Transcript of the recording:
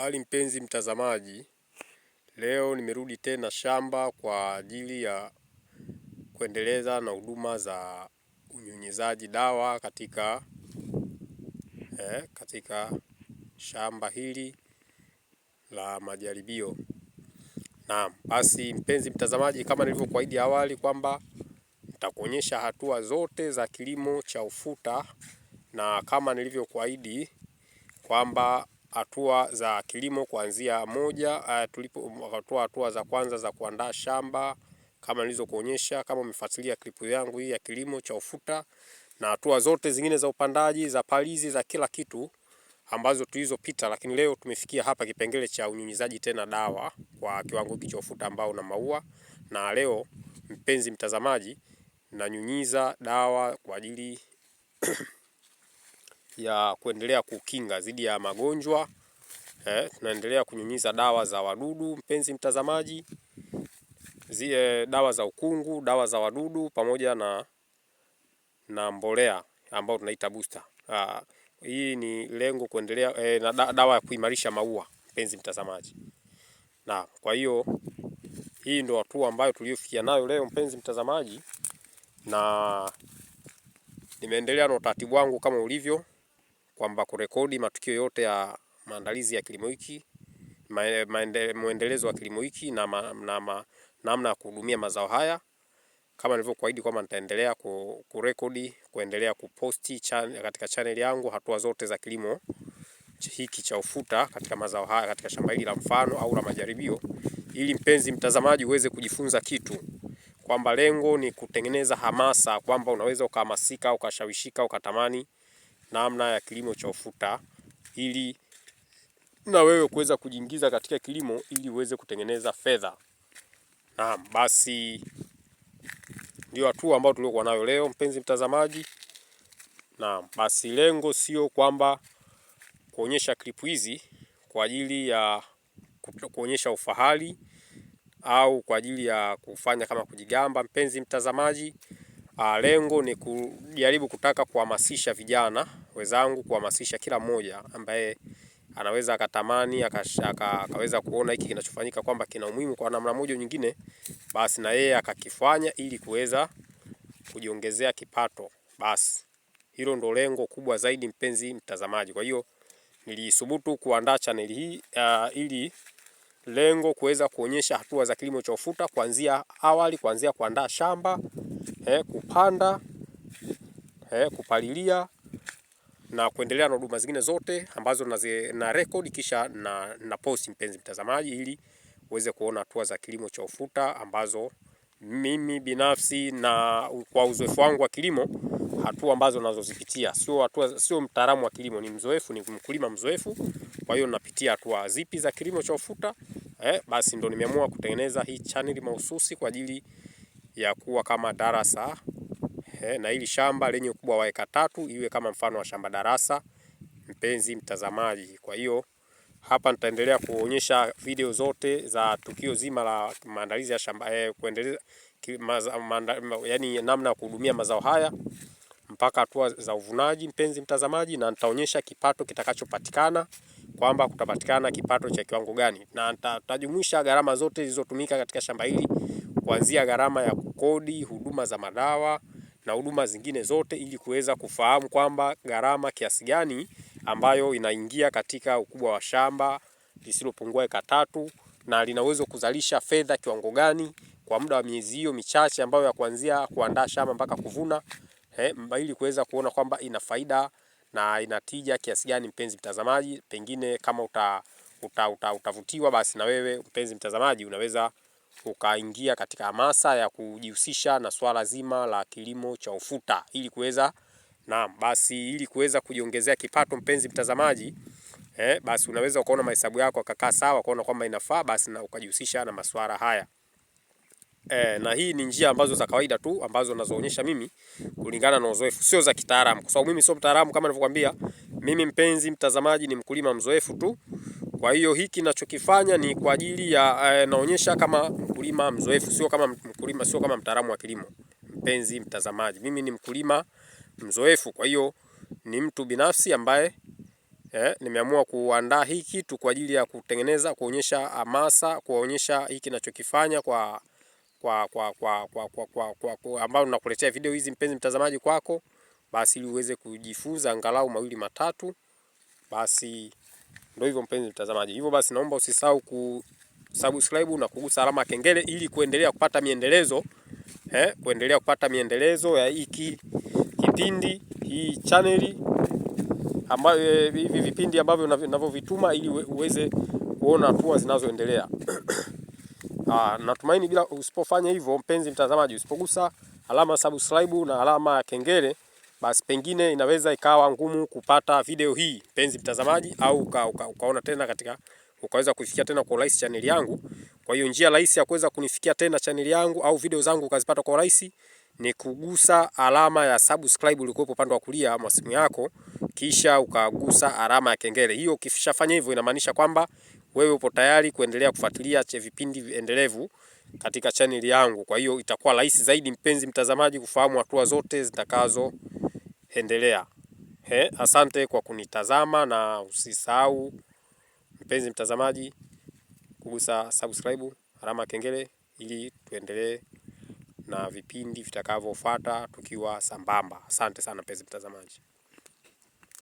Habari mpenzi mtazamaji, leo nimerudi tena shamba kwa ajili ya kuendeleza na huduma za unyunyizaji dawa katika, eh, katika shamba hili la majaribio. Naam, basi mpenzi mtazamaji, kama nilivyokuahidi awali kwamba nitakuonyesha hatua zote za kilimo cha ufuta na kama nilivyokuahidi kwamba hatua za kilimo kuanzia moja, eh, tulipotoa hatua za kwanza za kuandaa shamba kama nilizokuonyesha, kama umefuatilia klipu yangu hii ya kilimo cha ufuta, na hatua zote zingine za upandaji, za palizi, za kila kitu ambazo tulizopita, lakini leo tumefikia hapa kipengele cha unyunyizaji tena dawa kwa kiwango hiki cha ufuta ambao una maua. Na leo mpenzi mtazamaji, nanyunyiza dawa kwa ajili ya kuendelea kukinga dhidi ya magonjwa eh, tunaendelea kunyunyiza dawa za wadudu, mpenzi mtazamaji, zile eh, dawa za ukungu, dawa za wadudu pamoja na, na mbolea ambayo tunaita booster. Ah, hii ni lengo kuendelea eh, na dawa ya kuimarisha maua, mpenzi mtazamaji, na kwa hiyo hii ndo hatua ambayo tuliofikia nayo leo mpenzi mtazamaji, na nimeendelea na utaratibu wangu kama ulivyo kwamba kurekodi matukio yote ya maandalizi ya kilimo hiki, mwendelezo wa kilimo hiki na namna na, na ya kuhudumia mazao haya, kama nilivyokuahidi kwamba nitaendelea kurekodi, kuendelea kuposti chan, katika channel yangu hatua zote za kilimo hiki cha ufuta katika mazao haya katika shamba hili la mfano au la majaribio, ili mpenzi mtazamaji uweze kujifunza kitu, kwamba lengo ni kutengeneza hamasa kwamba unaweza ukahamasika, ukashawishika, ukatamani namna ya kilimo cha ufuta ili na wewe kuweza kujiingiza katika kilimo ili uweze kutengeneza fedha. Naam, basi ndio hatua ambayo tuliokuwa nayo leo, mpenzi mtazamaji. Naam, basi lengo sio kwamba kuonyesha klipu hizi kwa ajili ya kuonyesha ufahari au kwa ajili ya kufanya kama kujigamba, mpenzi mtazamaji. Lengo ni kujaribu kutaka kuhamasisha vijana wenzangu kuhamasisha kila mmoja ambaye anaweza akatamani akaweza kuona hiki kinachofanyika kwamba kina umuhimu kwa namna moja nyingine, basi na yeye akakifanya ili kuweza kujiongezea kipato. Basi hilo ndo lengo kubwa zaidi, mpenzi mtazamaji. Kwa hiyo nilisubutu kuandaa chaneli hii uh, ili lengo kuweza kuonyesha hatua za kilimo cha ufuta kuanzia awali, kuanzia kuandaa shamba eh, kupanda eh, kupalilia na kuendelea na huduma zingine zote ambazo ze, na record kisha na, na post mpenzi mtazamaji, ili uweze kuona hatua za kilimo cha ufuta ambazo mimi binafsi na kwa uzoefu wangu wa kilimo, hatua ambazo nazozipitia. Sio hatua, sio mtaalamu wa kilimo, ni mzoefu, ni mkulima mzoefu. Kwa hiyo napitia hatua zipi za kilimo cha ufuta eh, basi ndo nimeamua kutengeneza hii channel mahususi kwa ajili ya kuwa kama darasa eh, na hili shamba lenye ukubwa wa eka tatu iwe kama mfano wa shamba darasa, mpenzi mtazamaji. Kwa hiyo hapa nitaendelea kuonyesha video zote za tukio zima la maandalizi ya shamba eh, kuendelea yani namna ya kuhudumia mazao haya mpaka hatua za uvunaji, mpenzi mtazamaji, na nitaonyesha kipato kitakachopatikana kwamba kutapatikana kipato cha kiwango gani, na tutajumuisha gharama zote zilizotumika katika shamba hili kuanzia gharama ya kukodi, huduma za madawa na huduma zingine zote ili kuweza kufahamu kwamba gharama kiasi gani ambayo inaingia katika ukubwa wa shamba lisilopungua eka tatu na lina uwezo kuzalisha fedha kiwango gani kwa muda wa miezi hiyo michache ambayo ya kuanzia kuandaa shamba mpaka kuvuna eh, ili kuweza kuona kwamba ina faida na tija kiasi gani. Mpenzi mtazamaji, pengine kama uta, uta, uta, utavutiwa basi na wewe mpenzi mtazamaji unaweza ukaingia katika hamasa ya kujihusisha na swala zima la kilimo cha ufuta ili kuweza naam, basi ili kuweza kujiongezea kipato, mpenzi mtazamaji eh, basi unaweza ukaona mahesabu yako akakaa sawa, ukaona kwamba inafaa basi na ukajihusisha na masuala haya. eh, na hii ni njia ambazo za kawaida tu ambazo nazoonyesha mimi kulingana na uzoefu, sio za kitaalamu, kwa sababu mimi sio mtaalamu kama nilivyokuambia. Mimi mpenzi mtazamaji, ni mkulima mzoefu tu. Kwa hiyo hiki nachokifanya ni kwa ajili ya eh, naonyesha kama mkulima mzoefu, sio kama mkulima, sio kama mtaalamu wa kilimo. Mpenzi mtazamaji, mimi ni mkulima mzoefu, kwa hiyo ni mtu binafsi ambaye eh, nimeamua kuandaa hii kitu kwa ajili ya kutengeneza, kuonyesha hamasa, kuonyesha hiki nachokifanya kwa kwa kwa kwa kwa kwa kwa kwa kwa ambao nakuletea video hizi mpenzi mtazamaji kwako, basi ili uweze kujifunza angalau mawili matatu, basi ndio hivyo mpenzi mtazamaji, hivyo basi naomba usisahau subscribe na kugusa alama kengele ili kuendelea kupata miendelezo eh, kuendelea kupata miendelezo ya hiki kipindi hii channel ambayo eh, hivi vipindi ambavyo ninavyovituma ili uweze kuona hatua zinazoendelea. Ah, natumaini bila usipofanya hivyo mpenzi mtazamaji, usipogusa alama subscribe na alama ya kengele basi pengine inaweza ikawa ngumu kupata video hii mpenzi mtazamaji, au uka, uka, ukaona tena katika ukaweza kufikia tena kwa urahisi chaneli yangu. Kwa hiyo njia rahisi ya kuweza kunifikia tena chaneli yangu au video zangu ukazipata kwa urahisi ni kugusa alama ya subscribe ulikuwepo upande wa kulia mwa simu yako, kisha ukagusa alama ya kengele. Hiyo ukishafanya hivyo, inamaanisha kwamba wewe upo tayari kuendelea kufuatilia cha vipindi endelevu katika chaneli yangu. Kwa hiyo itakuwa rahisi zaidi mpenzi mtazamaji kufahamu hatua zote zitakazo endelea. Asante kwa kunitazama na usisahau mpenzi mtazamaji kugusa subscribe alama kengele ili tuendelee na vipindi vitakavyofuata tukiwa sambamba. Asante sana mpenzi mtazamaji.